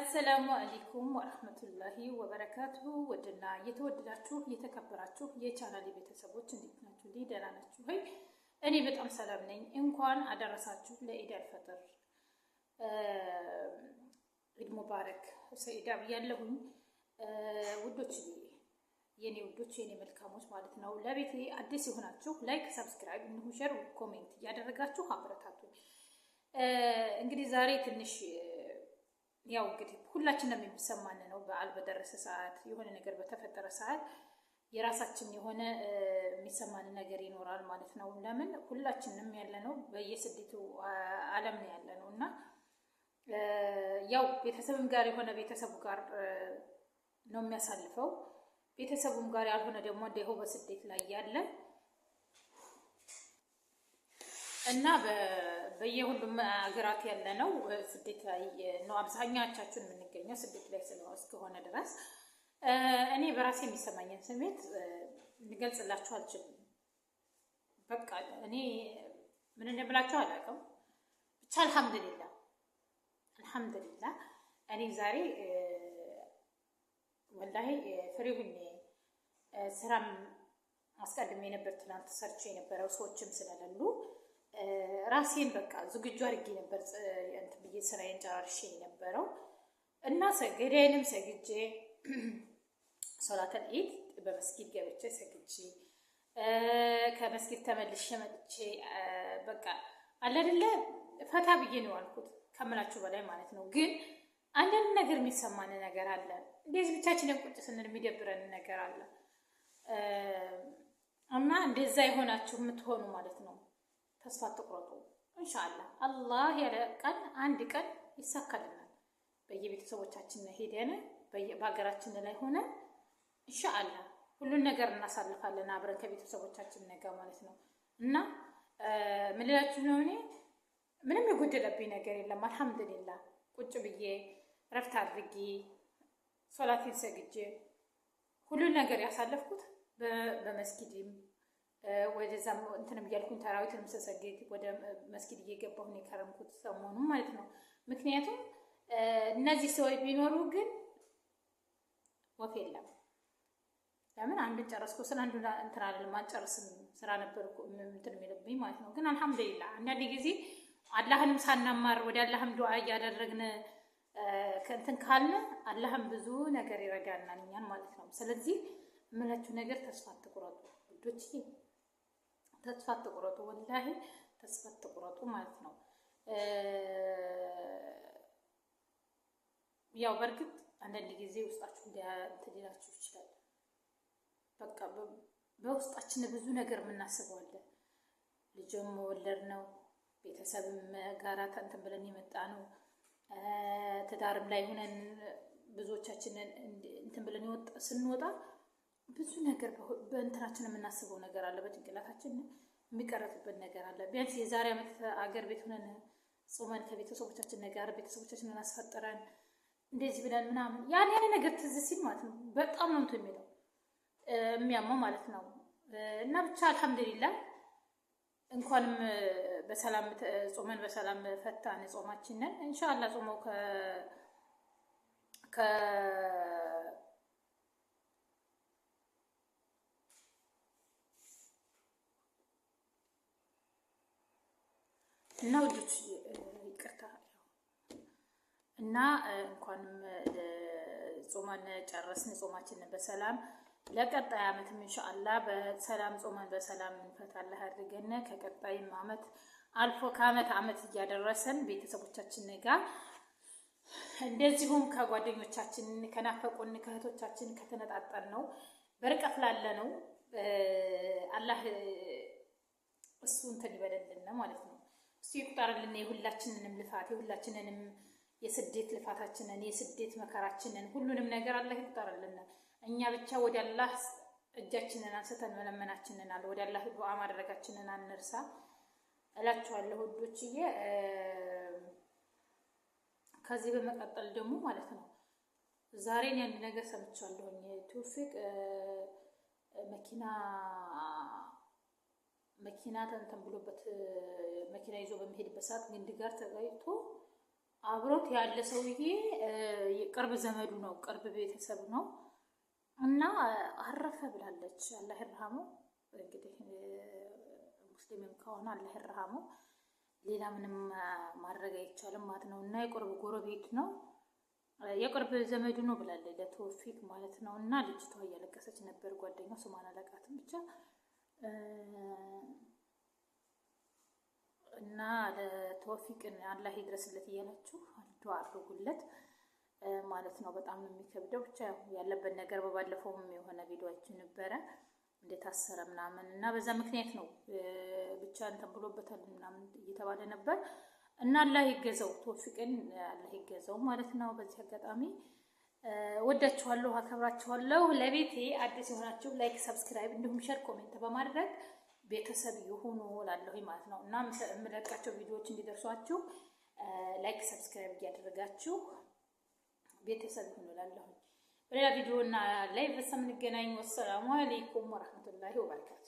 አሰላሙ አሌይኩም ወረህመቱላሂ ወበረካቱ ውድና የተወደዳችሁ የተከበራችሁ የቻናል ቤተሰቦች እንዴት ናችሁ? ደህና ናችሁ ወይ? እኔ በጣም ሰላም ነኝ። እንኳን አደረሳችሁ ለኢድ አልፈጥር። ኢድ ሙባረክ ሰኢዳ ብያለሁኝ። ውዶች የኔ ውዶች የኔ መልካሞች ማለት ነው። ለቤቴ አዲስ የሆናችሁ ላይክ፣ ሰብስክራይብ፣ እንሁ ሸር፣ ኮሜንት እያደረጋችሁ አበረታቱኝ። እንግዲህ ዛሬ ትንሽ ያው እንግዲህ ሁላችንም የሚሰማን ነው። በዓል በደረሰ ሰዓት የሆነ ነገር በተፈጠረ ሰዓት የራሳችን የሆነ የሚሰማን ነገር ይኖራል ማለት ነው። ለምን ሁላችንም ያለ ነው በየስደቱ ዓለም ነው ያለ ነው እና ያው ቤተሰብም ጋር የሆነ ቤተሰቡ ጋር ነው የሚያሳልፈው። ቤተሰቡም ጋር ያልሆነ ደግሞ እንዲሁ በስደት ላይ ያለ እና በየሁሉም ሀገራት ያለ ነው። ስደት ላይ ነው አብዛኛቻችን የምንገኘው ስደት ላይ ስለሆነ እስከሆነ ድረስ እኔ በራሴ የሚሰማኝን ስሜት ልገልጽላችሁ አልችልም። በቃ እኔ ምን እንደምላችሁ አላውቅም። ብቻ አልሐምዱሊላ አልሐምዱሊላ እኔ ዛሬ ወላሂ ፍሬ ሁኜ ስራም አስቀድሜ ነበር ትናንት ሰርቼ የነበረው ሰዎችም ስለሌሉ ራሴን በቃ ዝግጁ አድርጌ ነበር ብዬ ስራዬን ጨራርሼ የነበረው እና ሰገዳይንም ሰግጄ ሶላተል ኢድ በመስጊድ ገብቼ ሰግጄ ከመስጊድ ተመልሼ መጥቼ በቃ አለድለ ፈታ ብዬ ነው ያልኩት ከምላችሁ በላይ ማለት ነው። ግን አንዳንድ ነገር የሚሰማን ነገር አለ። እንደዚህ ብቻችንን ቁጭ ስንል የሚደብረን ነገር አለ እና እንደዛ የሆናችሁ የምትሆኑ ማለት ነው ተስፋ አትቁረጡ። እንሻአላህ አላህ ያለ ቀን አንድ ቀን ይሳካልናል። በየቤተሰቦቻችን ሄደን በሀገራችን ላይ ሆነ እንሻአላህ ሁሉን ነገር እናሳልፋለን አብረን ከቤተሰቦቻችን ነገር ማለት ነው። እና ምንላችሁ ነው እኔ ምንም የጎደለብኝ ነገር የለም። አልሐምዱሊላህ ቁጭ ብዬ ረፍት አድርጌ ሶላቴን ሰግጄ ሁሉን ነገር ያሳለፍኩት በመስጊድም ወደዛም እንትንም እያልኩኝ ተራዊትንም ስሰግድ ወደ መስጊድ እየገባሁ ነው የከረምኩት ሰሞኑን ማለት ነው። ምክንያቱም እነዚህ ሰዎች ቢኖሩ ግን ወፍ የለም። ለምን አንዱን ጨረስኩ ስለ አንዱ እንትን አለም አልጨርስም ስራ ነበር እንትን የሚልብኝ ማለት ነው። ግን አልሐምዱሊላ አንዳንድ ጊዜ አላህንም ሳናማር ወደ አላህም ዱዓ እያደረግን ከእንትን ካልን አላህም ብዙ ነገር ይረዳናል እኛን ማለት ነው። ስለዚህ የምላችሁ ነገር ተስፋ አትቁረጡ ልጆች ተስፋ አትቁረጡ፣ ወላሂ ተስፋ አትቁረጡ ማለት ነው። ያው በእርግጥ አንዳንድ ጊዜ ውስጣችሁ ሊላችሁ ይችላል። በቃ በውስጣችን ብዙ ነገር የምናስበዋለን። ልጆም መወለድ ነው፣ ቤተሰብም ጋራ እንትን ብለን የመጣ ነው፣ ትዳርም ላይ ሆነን ብዙዎቻችንን እንትን ብለን ስንወጣ ብዙ ነገር በእንትናችን የምናስበው ነገር አለ፣ በጭንቅላታችን የሚቀረጽበት ነገር አለ። ቢያንስ የዛሬ ዓመት አገር ቤት ሆነን ጾመን ከቤተሰቦቻችን ነገር ቤተሰቦቻችንን አስፈጥረን እንደዚህ ብለን ምናምን ያን ያን ነገር ትዝ ሲል ማለት ነው በጣም ነው እንትን የሚለው የሚያመው ማለት ነው። እና ብቻ አልሐምዱሊላህ እንኳንም በሰላም ጾመን በሰላም ፈታን ጾማችንን። ኢንሻአላህ ጾመው ከ እና ውዶች ይቅርታ እና እንኳንም ጾማን ጨረስን። ጾማችንን በሰላም ለቀጣይ ዓመትም እንሻአላ በሰላም ጾመን በሰላም እንፈታለህ አድርገን ከቀጣይም ዓመት አልፎ ከዓመት ዓመት እያደረሰን ቤተሰቦቻችን ጋር እንደዚሁም ከጓደኞቻችን ከናፈቁን ከእህቶቻችን ከተነጣጠን ነው በርቀት ላለ ነው አላህ እሱ እንትን ይበለልን ማለት ነው። እስቲ ይቁጠርልን የሁላችንንም ልፋት የሁላችንንም የስደት ልፋታችንን የስደት መከራችንን ሁሉንም ነገር አላህ ይቁጠርልን። እኛ ብቻ ወደ አላህ እጃችንን አንስተን መለመናችንን አለ ወደ አላህ ዱዓ ማድረጋችንን አንርሳ እላችኋለሁ ውዶችዬ። ከዚህ በመቀጠል ደግሞ ማለት ነው ዛሬን አንድ ነገር ሰምቻለሁኝ። ቶፊቅ መኪና መኪና ተንተን ብሎበት መኪና ይዞ በሚሄድበት ሰዓት ግንድ ጋር ተጋጭቶ አብሮት ያለ ሰውዬ የቅርብ ዘመዱ ነው፣ ቅርብ ቤተሰብ ነው እና አረፈ ብላለች። አላህ ይርሃሙ። እንግዲህ ሙስሊምም ከሆነ አላህ ይርሃሙ። ሌላ ምንም ማድረግ አይቻልም ማለት ነው እና የቅርብ ጎረቤት ነው የቅርብ ዘመዱ ነው ብላለች፣ ለተወፊት ማለት ነው እና ልጅቷ እያለቀሰች ነበር። ጓደኛው ስሟን አላውቃትም ብቻ እና ለተወፊቅን አላህ ይድረስለት እያላችሁ ዱዓ አድርጉለት ማለት ነው። በጣም ነው የሚከብደው። ብቻ ያለበት ነገር በባለፈውም የሆነ ቪዲዮችን ነበረ እንደታሰረ ምናምን እና በዛ ምክንያት ነው ብቻ እንትን ብሎበታል ምናምን እየተባለ ነበር እና አላህ ይገዘው፣ ተወፊቅን አላህ ይገዘው ማለት ነው በዚህ አጋጣሚ ወዳችኋለሁ፣ አከብራችኋለሁ። ለቤቴ አዲስ የሆናችሁ ላይክ፣ ሰብስክራይብ እንዲሁም ሸር፣ ኮሜንት በማድረግ ቤተሰብ የሆኑ ላለሁ ማለት ነው እና የምለቃቸው ቪዲዮዎች እንዲደርሷችሁ ላይክ፣ ሰብስክራይብ እያደረጋችሁ ቤተሰብ ይሁኑ ላለሁ። በሌላ ቪዲዮ እና ላይ በሰምንገናኝ። ወሰላሙ አሌይኩም ወረህመቱላሂ ወበረካቱ።